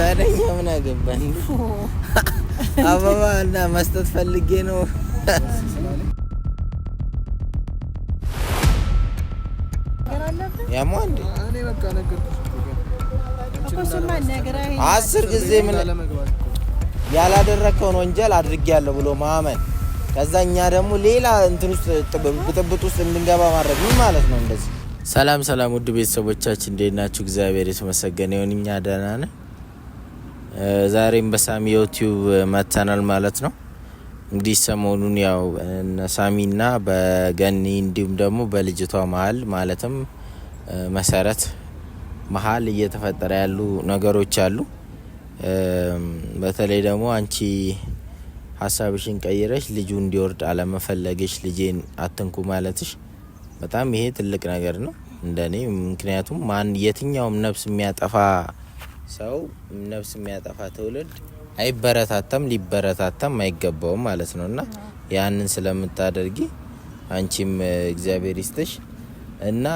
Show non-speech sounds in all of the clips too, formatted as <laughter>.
ታደኛ ምን አገባኝ? አበባ እና መስጠት ፈልጌ ነው። ያሟ እንዴ አስር ጊዜ ምን ያላደረከውን ወንጀል አድርጌያለሁ ብሎ ማመን ከዛ እኛ ደግሞ ሌላ እንትን ውስጥ ብጥብጥ ውስጥ እንድንገባ ማድረግ ምን ማለት ነው? እንደዚህ ሰላም ሰላም፣ ውድ ቤተሰቦቻችን እንዴት ናችሁ? እግዚአብሔር የተመሰገነ ይሁን፣ እኛ ደህና ነን። ዛሬም በሳሚ ዩቲዩብ መተናል ማለት ነው። እንግዲህ ሰሞኑን ያው ሳሚና በገኒ እንዲሁም ደግሞ በልጅቷ መሀል ማለትም መሰረት መሀል እየተፈጠረ ያሉ ነገሮች አሉ። በተለይ ደግሞ አንቺ ሀሳብሽን ቀይረሽ ልጁ እንዲወርድ አለመፈለግሽ፣ ልጄን አትንኩ ማለትሽ በጣም ይሄ ትልቅ ነገር ነው እንደኔ። ምክንያቱም ማን የትኛውም ነፍስ የሚያጠፋ ሰው ነፍስ የሚያጠፋ ትውልድ አይበረታታም፣ ሊበረታታም አይገባውም ማለት ነው እና ያንን ስለምታደርጊ አንቺም እግዚአብሔር ይስጥሽ እና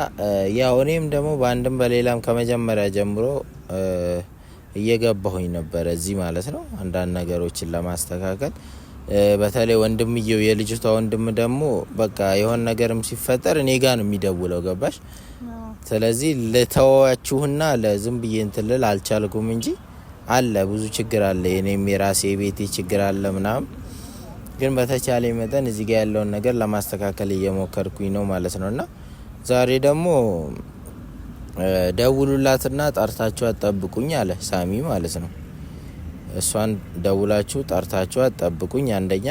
ያው እኔም ደግሞ በአንድም በሌላም ከመጀመሪያ ጀምሮ እየገባሁኝ ነበረ እዚህ ማለት ነው አንዳንድ ነገሮችን ለማስተካከል በተለይ ወንድምየው የልጅቷ ወንድም ደግሞ በቃ የሆነ ነገርም ሲፈጠር እኔ ጋ ነው የሚደውለው ገባሽ ስለዚህ ልተዋችሁና ለዝም ብዬ እንትልል አልቻልኩም እንጂ አለ ብዙ ችግር አለ። የኔም የራሴ የቤቴ ችግር አለ ምናምን፣ ግን በተቻለ መጠን እዚህ ጋር ያለውን ነገር ለማስተካከል እየሞከርኩኝ ነው ማለት ነው። እና ዛሬ ደግሞ ደውሉላትና ጠርታችሁ አጠብቁኝ አለ ሳሚ ማለት ነው። እሷን ደውላችሁ ጠርታችሁ አጠብቁኝ አንደኛ፣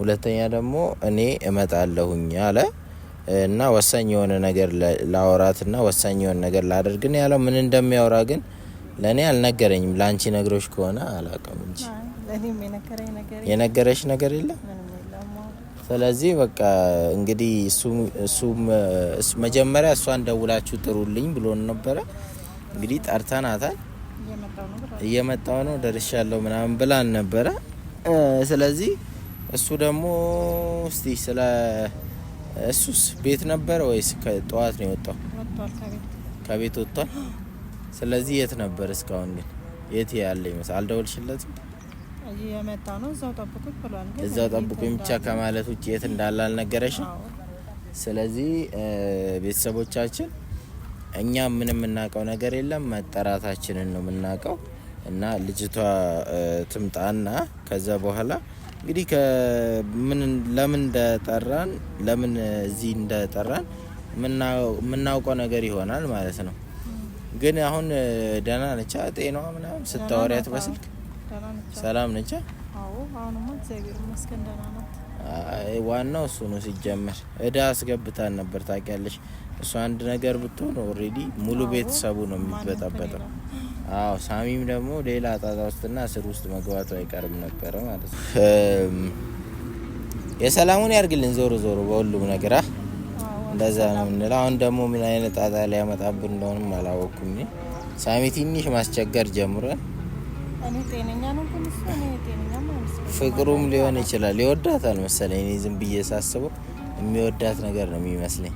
ሁለተኛ ደግሞ እኔ እመጣለሁኝ አለ። እና ወሳኝ የሆነ ነገር ላወራትና ወሳኝ የሆነ ነገር ላደርግ ነው ያለው። ምን እንደሚያወራ ግን ለእኔ አልነገረኝም። ለአንቺ ነግሮች ከሆነ አላውቅም እንጂ የነገረሽ ነገር የለም። ስለዚህ በቃ እንግዲህ እሱ መጀመሪያ እሷን ደውላችሁ ጥሩልኝ ብሎን ነበረ። እንግዲህ ጠርተናታል። እየመጣው ነው ደርሻለሁ ምናምን ብላን ነበረ። ስለዚህ እሱ ደግሞ እስቲ ስለ እሱስ ቤት ነበር ወይስ ጠዋት ነው የወጣው? ከቤት ወጥቷል። <gasps> ስለዚህ የት ነበር እስካሁን? ግን የት ያለ ይመስል አልደወልሽለትም? የመጣ ነው እዛው ጠብቁኝ ብቻ ከማለት ውጭ የት እንዳለ አልነገረሽም። ስለዚህ ቤተሰቦቻችን እኛ ምንም የምናውቀው ነገር የለም፣ መጠራታችንን ነው የምናውቀው። እና ልጅቷ ትምጣና ከዛ በኋላ እንግዲህ ከምን ለምን እንደጠራን ለምን እዚህ እንደጠራን የምናውቀው ነገር ይሆናል ማለት ነው። ግን አሁን ደህና ነቻ? ጤናዋ ምናምን ስታወሪያት በስልክ ሰላም ነቻ? ዋናው እሱ ነው። ሲጀመር እዳ አስገብታን ነበር ታውቂያለሽ። እሱ አንድ ነገር ብትሆን ኦልሬዲ ሙሉ ቤተሰቡ ነው የሚበጣበጠው። አዎ ሳሚም ደግሞ ሌላ ጣጣ ውስጥና እስር ውስጥ መግባቱ አይቀርም ነበረ ማለት ነው። የሰላሙን ያርግልን። ዞሮ ዞሮ በሁሉም ነገር እንደዛ ነው የምንለው። አሁን ደግሞ ምን አይነት ጣጣ ሊያመጣብን እንደሆንም አላወኩም። ሳሚ ትንሽ ማስቸገር ጀምሯል። ፍቅሩም ሊሆን ይችላል ይወዳታል መሰለኝ። እኔ ዝም ብዬ ሳስበው የሚወዳት ነገር ነው የሚመስለኝ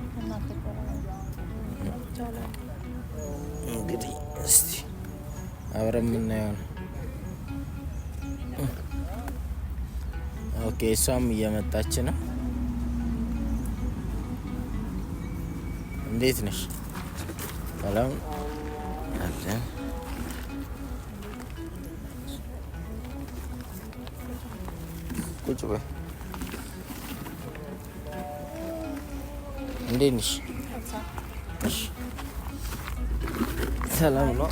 እንግዲህ አብረን የምናየው ነው። ኦኬ እሷም እየመጣች ነው። እንዴት ነሽ? ሰላም አለን። ቁጭ በይ። እንዴት ነሽ? ሰላም ነው።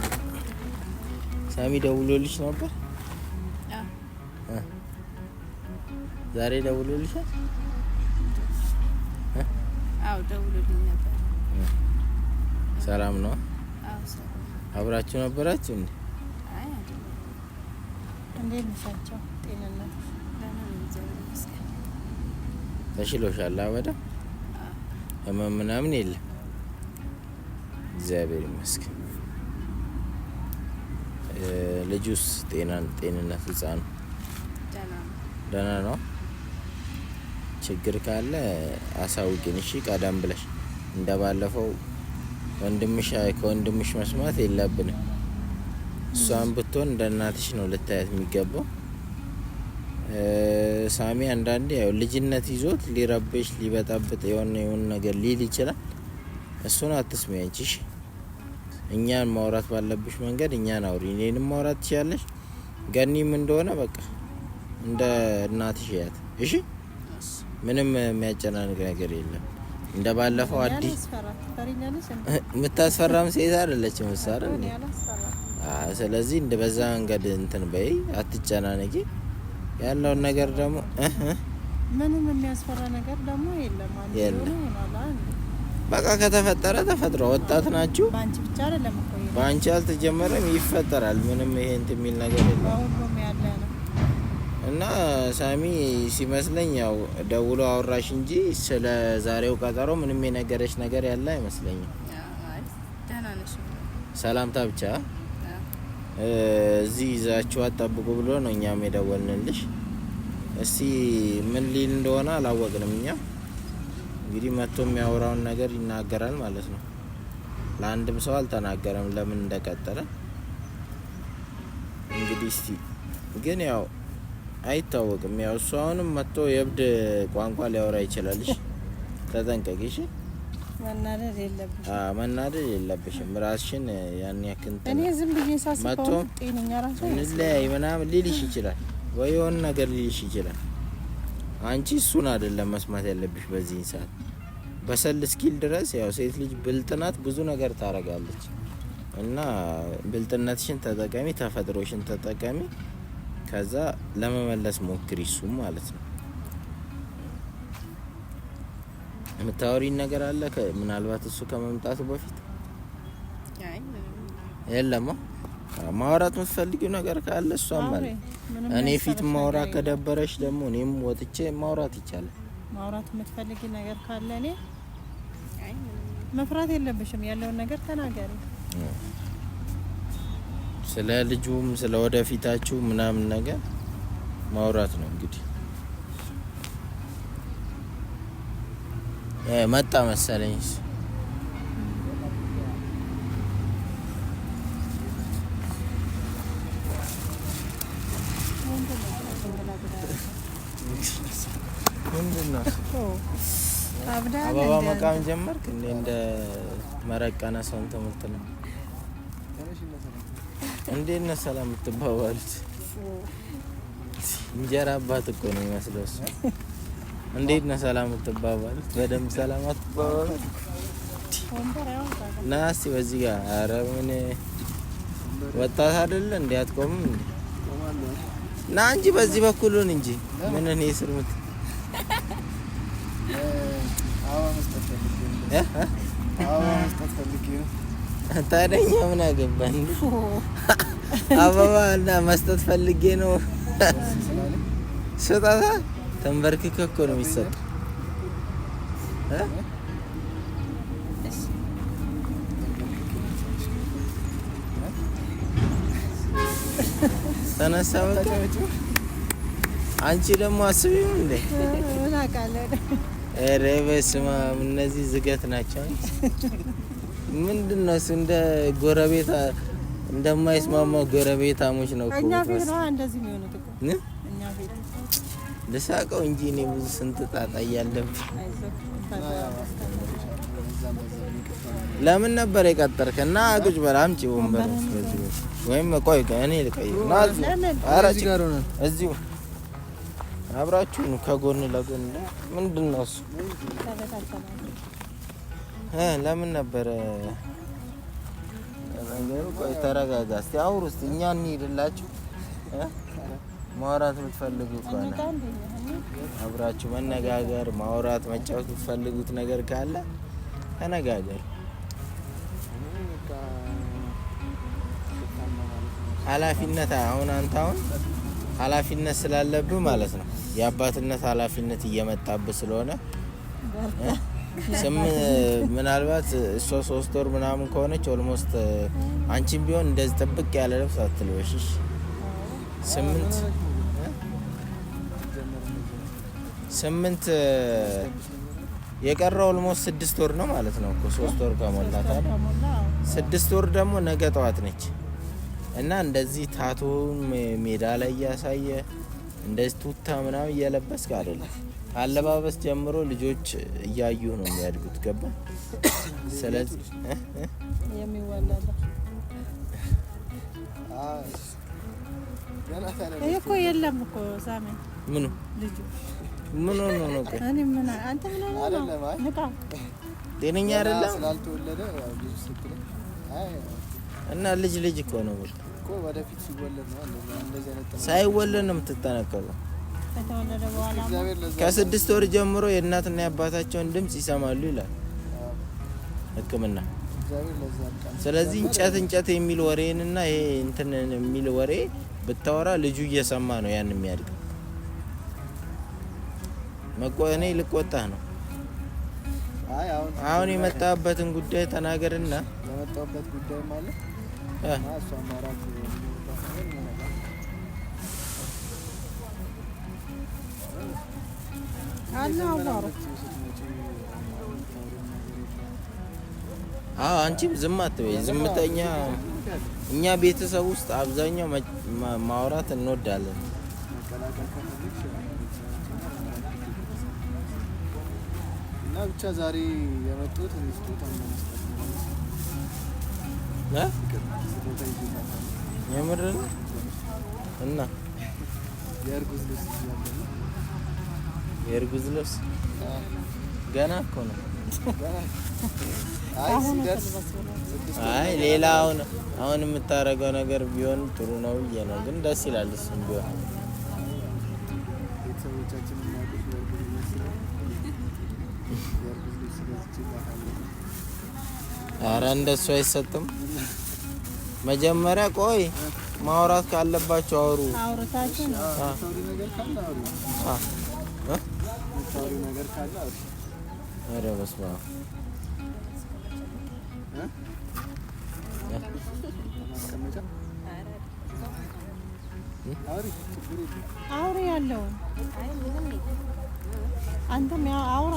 ሳሚ ደውሎልሽ ነበር? ዛሬ ደውሎልሻል? አዎ ደውሎልኝ ነበር። ሰላም ነው? አብራችሁ ነበራችሁ እንዴ? ተሽሎሻል? በደምብ ህመም ምናምን የለም? እግዚአብሔር ይመስገን። ልጁስ ጤንነት ህፃን ደህና ነው? ችግር ካለ አሳውቂን እሺ። ቀደም ብለሽ እንደ ወንድምሽ ከወንድምሽ መስማት የለብንም። እሷን ብትሆን እንደ እናትሽ ነው ልታያት የሚገባው። ሳሚ አንዳንዴ ያው ልጅነት ይዞት ሊረብሽ ሊበጣብጥ የሆነ የሆነ ነገር ሊል ይችላል። እሱን አትስሚ አንቺ። እኛን ማውራት ባለብሽ መንገድ እኛን አውሪ። እኔንም ማውራት ትችያለሽ። ገኒም እንደሆነ በቃ እንደ እናትሽ ያት። እሺ፣ ምንም የሚያጨናንቅ ነገር የለም። እንደ ባለፈው አዲስ የምታስፈራም ሴት አይደለችም። ምሳር ስለዚህ እንደ በዛ መንገድ እንትን በይ፣ አትጨናነቂ። ያለውን ነገር ደግሞ ምንም የሚያስፈራ ነገር ደግሞ የለም። በቃ ከተፈጠረ ተፈጥሮ ወጣት ናችሁ። በአንቺ አልተጀመረም፣ ይፈጠራል። ምንም ይሄ እንትን የሚል ነገር የለም። እና ሳሚ ሲመስለኝ ያው ደውሎ አወራሽ እንጂ ስለ ዛሬው ቀጠሮ ምንም የነገረች ነገር ያለ አይመስለኝም። ሰላምታ ብቻ እዚህ ይዛችሁ ጠብቁ ብሎ ነው እኛም የደወልንልሽ። እስቲ ምን ሊል እንደሆነ አላወቅንም እኛ እንግዲህ መጥቶ የሚያወራውን ነገር ይናገራል ማለት ነው። ለአንድም ሰው አልተናገረም ለምን እንደቀጠለ እንግዲህ። እስቲ ግን ያው አይታወቅም። ያው እሱ አሁንም መጥቶ የእብድ ቋንቋ ሊያወራ ይችላልሽ። ተጠንቀቂሽ። መናደድ የለብሽም። መናደድ የለብሽም። ራስሽን ያን ያክል እኔ ዝም ብዬ ሳስበው ጤነኛ ራሱ እንለያይ ምናምን ሊልሽ ይችላል ወይ የሆነ ነገር ሊልሽ ይችላል አንቺ እሱን አይደለም መስማት ያለብሽ በዚህ ሰዓት። በሰል ስኪል ድረስ ያው ሴት ልጅ ብልጥናት ብዙ ነገር ታረጋለች እና ብልጥነትሽን ተጠቀሚ፣ ተፈጥሮሽን ተጠቀሚ። ከዛ ለመመለስ ሞክሪ እሱም ማለት ነው። የምታወሪን ነገር አለ ምናልባት እሱ ከመምጣቱ በፊት የለማ ማውራት የምትፈልጊው ነገር ካለ እሷም አለ። እኔ ፊት ማውራ ከደበረሽ ደግሞ እኔም ወጥቼ ማውራት ይቻላል። ማውራት የምትፈልጊ ነገር ካለ እኔ መፍራት የለብሽም። ያለውን ነገር ተናገሪ። ስለ ልጁም ስለ ወደፊታችሁ ምናምን ነገር ማውራት ነው እንግዲህ። መጣ መሰለኝ። አበባ መቃም ጀመርክ እንዴ? እንደ መረቀነ ሰንት እንዴት ሰላም የምትባባሉት? እንጀራ አባት እኮ ነው የሚመስለው እሱ። እንዴት ሰላም የምትባባሉት? በደንብ ሰላም አትባባሉት። ና እስኪ በዚህ ጋር። ኧረ ምን ወጣት አይደለ እንዴ? አትቆምም እንዴ? ና እንጂ በዚህ በኩሉን እንጂ ምን እኔ ስር ምት ታዲያ ምን አበባ እና መስጠት ፈልጌ ነው። ስጦታ ተንበርክከህ እኮ ነው የሚሰጥ። ተነሳ አንቺ ደግሞ አስቢው እንዴ ኧረ በስመ አብ እነዚህ ዝገት ናቸው። ምንድን ነው እሱ? እንደ ጎረቤት እንደማይስማማ ጎረቤታሞች ነው። እኛ ነው ልሳቀው እንጂ እኔ ብዙ ስንት ጣጣ እያለብኝ። ለምን ነበር የቀጠርከ? እና ቁጭ በል አምጪ ወንበር ወይም ቆይ፣ እኔ ልቀይር። እዚሁ አብራችሁ ከጎን ለጎን ምንድን ነው እሱ? ለምን ነበረ ነገሩ? ቆይ ተረጋጋ እስኪ አውሩ እስኪ እኛ እንሂድላችሁ። ማውራት የምትፈልጉ ከሆነ አብራችሁ መነጋገር፣ ማውራት፣ መጫወት የምትፈልጉት ነገር ካለ ተነጋገር። ኃላፊነት አሁን አንተ አሁን ኃላፊነት ስላለብህ ማለት ነው የአባትነት ኃላፊነት እየመጣብህ ስለሆነ ስም ምናልባት እሷ ሶስት ወር ምናምን ከሆነች ኦልሞስት አንቺም ቢሆን እንደዚህ ጥብቅ ያለ ልብስ አትልበሽሽ። ስምንት ስምንት የቀረው ኦልሞስት ስድስት ወር ነው ማለት ነው እኮ ሶስት ወር ከሞላታል። ስድስት ወር ደግሞ ነገ ጠዋት ነች እና እንደዚህ ታቶ ሜዳ ላይ እያሳየ እንደዚህ ቱታ ምናምን እየለበስክ አይደለም። አለባበስ ጀምሮ ልጆች እያዩ ነው የሚያድጉት። ገባ? ስለዚህ እኮ የለም እኮ ሳሚ ምኑ ምን ሆኖ ነው? እኔ ነው? ጤነኛ አይደለም እና ልጅ ልጅ እኮ ነው በቃ ሳይወለድ ነው የምትጠነቀቀው። ከስድስት ወር ጀምሮ የእናትና የአባታቸውን ድምፅ ይሰማሉ ይላል ሕክምና። ስለዚህ እንጨት እንጨት የሚል ወሬንና ይሄ እንትን የሚል ወሬ ብታወራ ልጁ እየሰማ ነው ያን የሚያድገው። መቆኔ ልቆጣህ ነው። አሁን የመጣበትን ጉዳይ ተናገርና የመጣበት ጉዳይ ማለት አንቺም ዝም አትበይ፣ ዝምተኛ። እኛ ቤተሰብ ውስጥ አብዛኛው ማውራት እንወዳለን። እና ብቻ ዛሬ የመጡት የምር እና የእርጉዝ ልብስ ገና እኮ ነው። አይ ሌላ አሁን አሁን የምታደርገው ነገር ቢሆን ጥሩ ነው ብዬ ነው፣ ግን ደስ ይላል። እሱም ቢሆን ቤተሰቦቻችን ኧረ እንደሱ አይሰጥም። መጀመሪያ ቆይ ማውራት ካለባቸው አውሩ። ኧረ አውሪ ያለውን አንተም ያው አውራ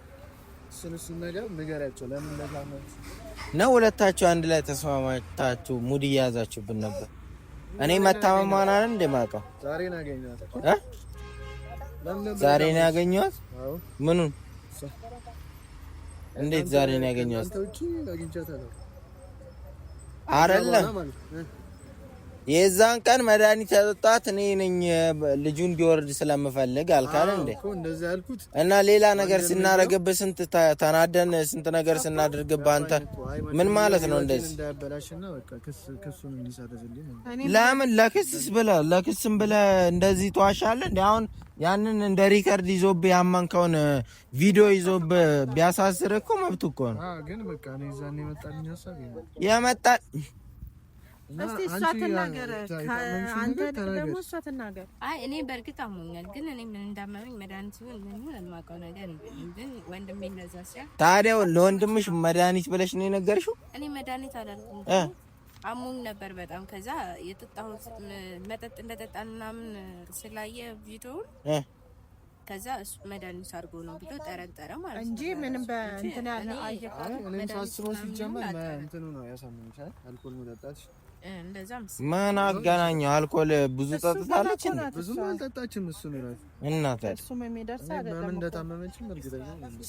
ነው ሁለታችሁ አንድ ላይ ተስማማታችሁ? ሙድ እየያዛችሁብን ነበር። እኔ መታመማን አለ እንደማውቀው ዛሬ ነው ያገኘኋት ዛሬ ነው ያገኘኋት። ምኑን እንዴት ዛሬ ነው ያገኘኋት? አይደለም የዛን ቀን መድኃኒት ያጠጣት እኔ ነኝ። ልጁ እንዲወርድ ስለምፈልግ አልካል እንዴ? እና ሌላ ነገር ስናረግብህ ስንት ተናደን ስንት ነገር ስናደርግብህ አንተ ምን ማለት ነው እንደዚህ? ለምን ለክስስ ብለህ ለክስም ብለህ እንደዚህ ተዋሻለህ እንዴ? አሁን ያንን እንደ ሪከርድ ይዞብህ ያመንከውን ቪዲዮ ይዞብህ ቢያሳስርህ እኮ መብት እኮ ነው የመጣ እስቲ እሷ ትናገር፣ ደግሞ እሷ ትናገር። አይ እኔ በእርግጥ አሞኛል፣ ግን እኔ ምን እንዳመመኝ መድኃኒት ሲሆን ምን የማውቀው ነገር ግን ወንድሜ እንደዛ ሲያል፣ ታዲያ ለወንድምሽ መድኃኒት ብለሽ ነው የነገርሽው? እኔ መድኃኒት አላልኩም፣ አሞኝ ነበር በጣም። ከዛ የጠጣሁት መጠጥ እንደጠጣን ምናምን ስላየ ቪዲዮውን ከዛ እሱ መድኃኒት አድርጎ ነው ብሎ ጠረጠረ ማለት ነው እንጂ ምንም በእንትን ያለ አየቃ። እኔም ሳስበው ሲጀመር እንትኑ ነው ያሳምንሻል፣ አልኮል መጠጣት ምን አገናኘው? አልኮል ብዙ ጠጥታለች። ብዙም አልጠጣችም። እሱ ነው እናት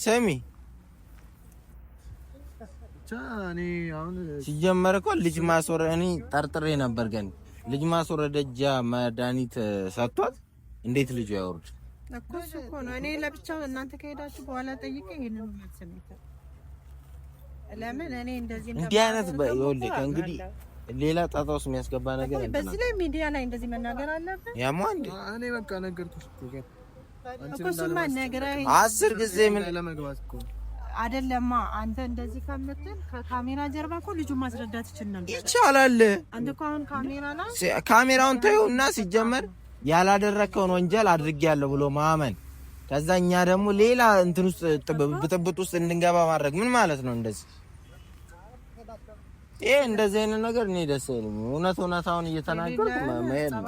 ስሚ፣ ሲጀመር እኮ ልጅ ማስወረ እኔ ጠርጥሬ ነበር፣ ግን ልጅ ማስወረደጃ መድኃኒት ሰጥቷት እንዴት ልጁ ያወርድ እኮ እኮ ነው። እኔ ለብቻው እናንተ ከሄዳችሁ በኋላ ጠይቄ ይሄንን ለምን እኔ እንደዚህ እንዲህ አይነት ይኸውልህ ከእንግዲህ ሌላ ጣጣ ውስጥ የሚያስገባ ነገር እንዴ? በዚህ ላይ ሚዲያ ላይ እንደዚህ መናገር አለበት? ያማ እንዴ እኔ በቃ ነገርኩሽ እኮ እሱማ ነግረኸኝ አስር ጊዜ ምን ለመግባት እኮ አይደለማ። አንተ እንደዚህ ከምትል ከካሜራ ጀርባ እኮ ልጁን ማስረዳት ይችላል ይቻላል። አንተ እኮ አሁን ካሜራ ላይ ካሜራውን ተይው እና ሲጀመር ያላደረከውን ወንጀል አድርጌያለሁ ብሎ ማመን ከዛ እኛ ደግሞ ሌላ እንትን ውስጥ ብጥብጥ ውስጥ እንድንገባ ማድረግ ምን ማለት ነው እንደዚህ ይሄ እንደዚህ አይነት ነገር እኔ ደስ አይልም። እውነት እውነታውን እየተናገርኩ መሄድ ነው።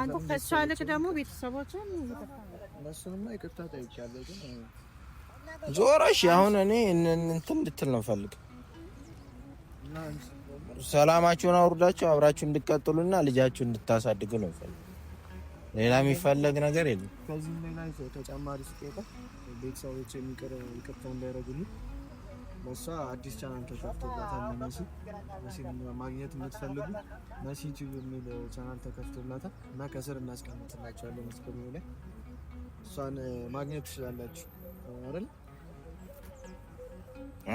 አንተ ከሷ ልክ ደግሞ ቤተሰቦችን ዞረሽ አሁን እኔ እንትን እንድትል ነው ፈልግ ሰላማችሁን አውርዳችሁ አብራችሁ እንድትቀጥሉና ልጃችሁ እንድታሳድጉ ነው ፈልግ። ሌላ የሚፈለግ ነገር የለም። ከዚህ ላይ ተጨማሪ ስጦታ ቤተሰቦች የሚቀር ይቅርታ እንዳይረጉልኝ ለእሷ አዲስ ቻናል ተከፍቶላታል። መሲ መሲን ማግኘት የምትፈልጉ መሲ ዩቲዩብ የሚል ቻናል ተከፍቶላታል እና ከስር እናስቀምጥላቸዋለን ላይ እሷን ማግኘት ትችላላችሁ አይደል?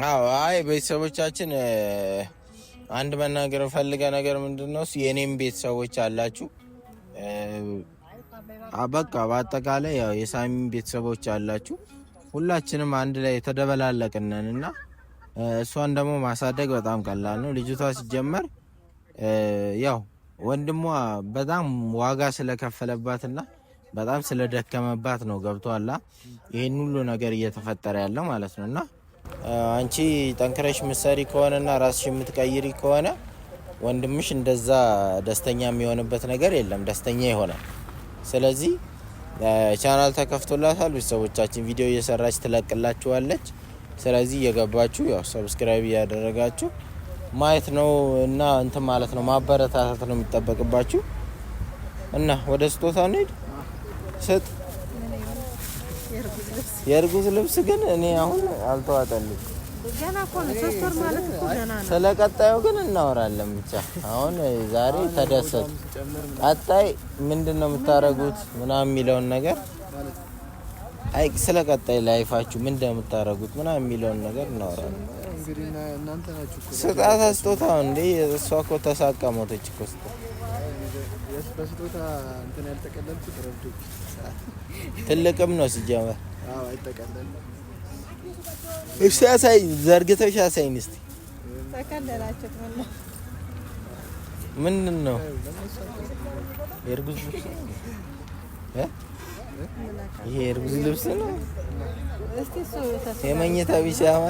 አዎ። አይ ቤተሰቦቻችን አንድ መናገር ፈልገ ነገር ምንድን ነው የእኔም ቤተሰቦች አላችሁ በቃ በአጠቃላይ ያው ቤተሰቦች አላችሁ። ሁላችንም አንድ ላይ የተደበላለቅነን እና እሷን ደግሞ ማሳደግ በጣም ቀላል ነው። ልጅቷ ሲጀመር ያው ወንድሟ በጣም ዋጋ ስለከፈለባትና በጣም ስለደከመባት ነው። ገብቷላ ይህን ሁሉ ነገር እየተፈጠረ ያለ ማለት ነው። እና አንቺ ጠንክረሽ ምሰሪ ከሆነና ራስሽ የምትቀይሪ ከሆነ ወንድምሽ እንደዛ ደስተኛ የሚሆንበት ነገር የለም፣ ደስተኛ ይሆናል። ስለዚህ ቻናል ተከፍቶላታል። ቤተሰቦቻችን ቪዲዮ እየሰራች ትለቅላችኋለች። ስለዚህ እየገባችሁ ያው ሰብስክራይብ እያደረጋችሁ ማየት ነው እና እንትን ማለት ነው ማበረታታት ነው የሚጠበቅባችሁ። እና ወደ ስጦታ እንሄድ ስጥ የእርጉዝ ልብስ ግን እኔ አሁን አልተዋጠልኝ። ስለ ቀጣዩ ግን እናወራለን። ብቻ አሁን ዛሬ ተደሰት ቀጣይ ምንድን ነው የምታደርጉት ምናምን የሚለውን ነገር አይ ስለ ቀጣይ ላይፋችሁ ምን እንደምታደርጉት ምናምን የሚለውን ነገር እናወራለን። ስጣታ ስጦታ እንደ እሷ እኮ ተሳቃ ሞተች እኮ ስጦ ትልቅም ነው ሲጀመር። እሺ ያሳይ ዘርግተሽ ያሳይን እስቲ ምንድን ነው የእርጉዝ ይሄ እርጉዝ ልብስ ነው። የመኝታ ቢጃማ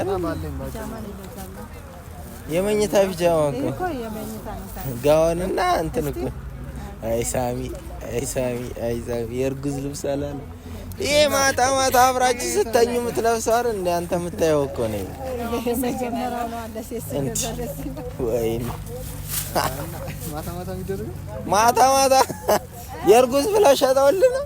የመኝታ ቢጃማ እኮ ጋውንና እንትን እኮ አይ ሳሚ፣ አይ ሳሚ፣ አይ ሳሚ የእርጉዝ ልብስ አላለ። ይሄ ማታ ማታ አብራችሁ ስተኙ የምትለብሰው አይደል? እንደ አንተ የምታየው እኮ ነው። ማታ ማታ የእርጉዝ ብላ ሸጠውልህ ነው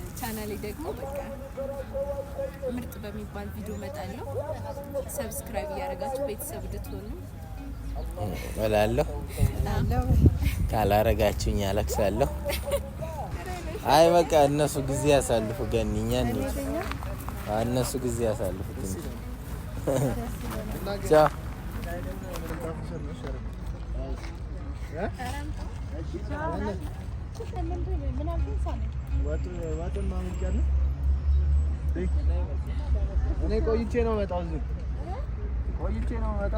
ቻናሌ ደግሞ በቃ ምርጥ በሚባል ቪዲዮ እመጣለሁ። ሰብስክራይብ እያደረጋችሁ ቤተሰብ እንድትሆኑ እላለሁ። ካላረጋችሁኝ አለቅሳለሁ። አይ በቃ እነሱ ጊዜ ያሳልፉ ገኒኛ እነሱ ጊዜ ያሳልፉ ትንሽ <laughs> እኔ ቆይቼ ነው መጣው እዚህ ቆይቼ ነው መጣው።